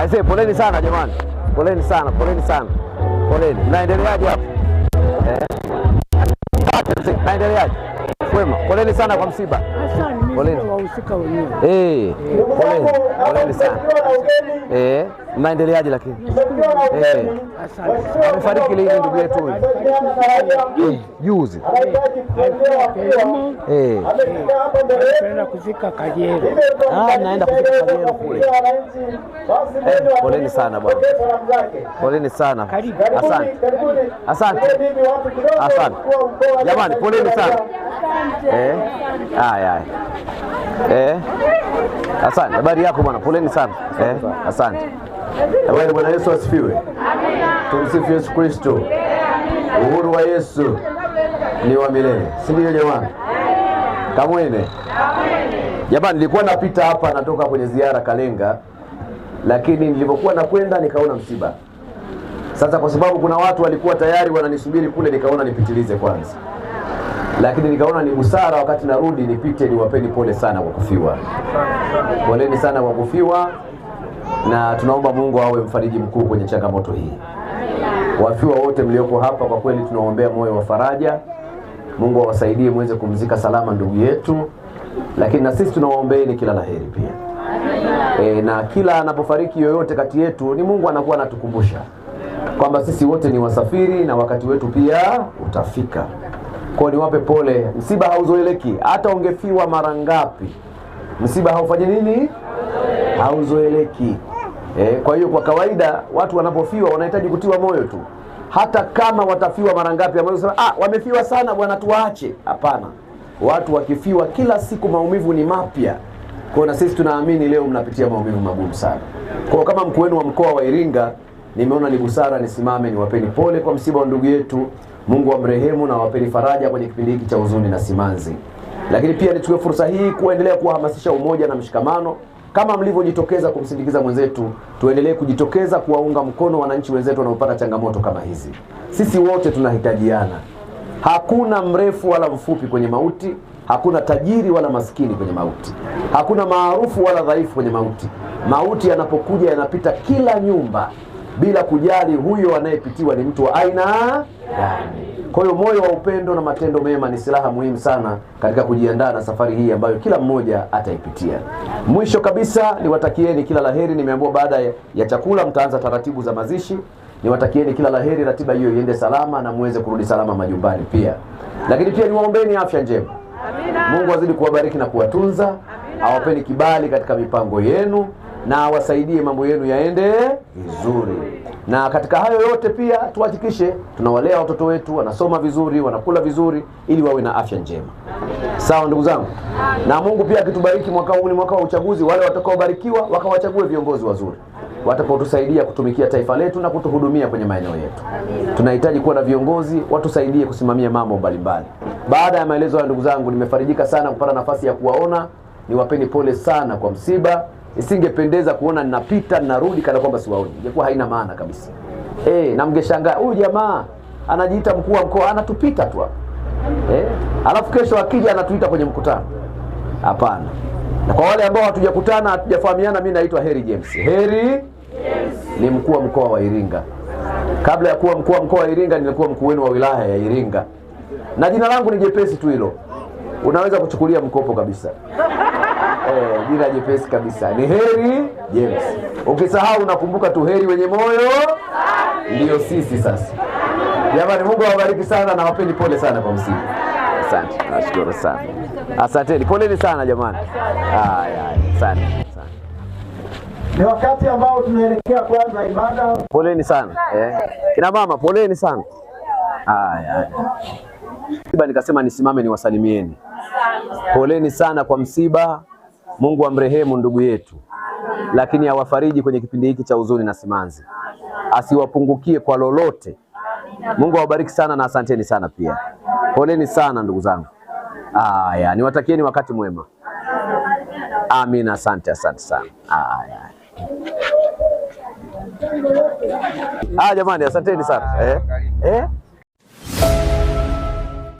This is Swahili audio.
Aisee, poleni sana jamani, poleni sana, poleni sana, poleni. Naendeleaje hapo? eh? Naendeleaje? Kwema, poleni sana kwa msiba. Asante, Poleni wahusika wenyewe. Eh, poleni, poleni sana. Eh. Mnaendeleaje lakini? Eh, amefariki lini ndugu yetu huyu? Eh, juzi. Eh. Ah, naenda kuzika Kajero. kule. poleni sana bwana. Poleni sana. Asante. Asante. Asante. Jamani, poleni sana. Eh. haya. Eh. Asante. Habari yako bwana. Poleni sana. Eh. Asante. Amani. Bwana Yesu asifiwe. Tumsifu Yesu Kristo. Uhuru wa Yesu ni wa milele, si ndio jamani? Kamwene jamani, nilikuwa napita hapa, natoka kwenye ziara Kalenga, lakini nilivyokuwa nakwenda nikaona msiba. Sasa kwa sababu kuna watu walikuwa tayari wananisubiri kule, nikaona nipitilize kwanza, lakini nikaona ni busara wakati narudi nipite niwapeni pole sana kwa kufiwa. Poleni sana kwa kufiwa na tunaomba Mungu awe mfariji mkuu kwenye changamoto hii. Wafiwa wote mlioko hapa, kwa kweli tunaombea moyo wa faraja. Mungu awasaidie muweze kumzika salama ndugu yetu, lakini na sisi tunawaombeeni kila laheri pia. E, na kila anapofariki yoyote kati yetu ni Mungu anakuwa anatukumbusha kwamba sisi wote ni wasafiri na wakati wetu pia utafika. Kwa niwape pole, msiba hauzoeleki. Hata ungefiwa mara ngapi, msiba haufanyi nini hauzoeleki. E, kwa hiyo kwa kawaida watu wanapofiwa wanahitaji kutiwa moyo tu, hata kama watafiwa mara ngapi, ambazo ah, wamefiwa sana bwana, tuwaache. Hapana, watu wakifiwa kila siku maumivu ni mapya. Kwa na sisi tunaamini leo mnapitia maumivu magumu sana. Kwa kama mkuu wenu wa mkoa wa Iringa, nimeona ni busara nisimame niwapeni pole kwa msiba wa ndugu yetu. Mungu amrehemu na wapeni faraja kwenye kipindi hiki cha huzuni na simanzi. Lakini pia nichukue fursa hii kuendelea kuwahamasisha umoja na mshikamano kama mlivyojitokeza kumsindikiza mwenzetu, tuendelee kujitokeza kuwaunga mkono wananchi wenzetu wanaopata changamoto kama hizi. Sisi wote tunahitajiana, hakuna mrefu wala mfupi kwenye mauti, hakuna tajiri wala maskini kwenye mauti, hakuna maarufu wala dhaifu kwenye mauti. Mauti yanapokuja yanapita kila nyumba bila kujali huyo anayepitiwa ni mtu wa aina gani. Kwa hiyo moyo wa upendo na matendo mema ni silaha muhimu sana katika kujiandaa na safari hii ambayo kila mmoja ataipitia. Mwisho kabisa, niwatakieni kila laheri. Nimeambiwa baada ya chakula mtaanza taratibu za mazishi. Niwatakieni kila laheri, ratiba hiyo iende salama na muweze kurudi salama majumbani pia. Lakini pia niwaombeeni afya njema. Mungu azidi kuwabariki na kuwatunza, awapeni kibali katika mipango yenu na awasaidie mambo yenu yaende vizuri na katika hayo yote pia tuhakikishe tunawalea watoto wetu, wanasoma vizuri, wanakula vizuri, ili wawe na afya njema. Sawa ndugu zangu, na Mungu pia akitubariki, mwaka huu ni mwaka wa uchaguzi, wale watakaobarikiwa wakawachague viongozi wazuri watakaotusaidia kutumikia taifa letu na kutuhudumia kwenye maeneo yetu. Tunahitaji kuwa na viongozi watusaidie kusimamia mambo mbalimbali. Baada ya maelezo haya, ndugu zangu, nimefarijika sana kupata nafasi ya kuwaona. Niwapeni pole sana kwa msiba isingependeza kuona ninapita ninarudi kana kwamba siwaoni, ingekuwa haina maana kabisa. E, na mgeshangaa huyu jamaa anajiita mkuu wa mkoa anatupita tu hapa e, alafu kesho akija anatuita kwenye mkutano. Hapana. Na kwa wale ambao hatujakutana hatujafahamiana, mimi naitwa Heri James. Heri ni mkuu wa mkoa wa Iringa. Kabla ya kuwa mkuu wa mkoa wa Iringa nilikuwa mkuu wenu wa wilaya ya Iringa, na jina langu ni jepesi tu hilo, unaweza kuchukulia mkopo kabisa eh, jina jepesi kabisa ni Heri James. Ukisahau unakumbuka tu heri wenye moyo ndiyo sisi sasa. Jamani, Mungu awabariki sana na wapeni pole sana kwa msiba. Asante, nashukuru sana, asanteni, poleni sana jamani. Haya, asante. Ni wakati ambao tunaelekea kwanza ibada. Poleni sana eh. Kina mama poleni sana. Haya, msiba nikasema nisimame niwasalimieni. Poleni sana kwa msiba. Mungu amrehemu ndugu yetu, lakini awafariji kwenye kipindi hiki cha huzuni na simanzi, asiwapungukie kwa lolote. Mungu awabariki sana na asanteni sana pia, poleni sana ndugu zangu. Aya, niwatakieni wakati mwema. Amina, asante, asante sana. Aya. Ah, jamani asanteni sana eh? Eh?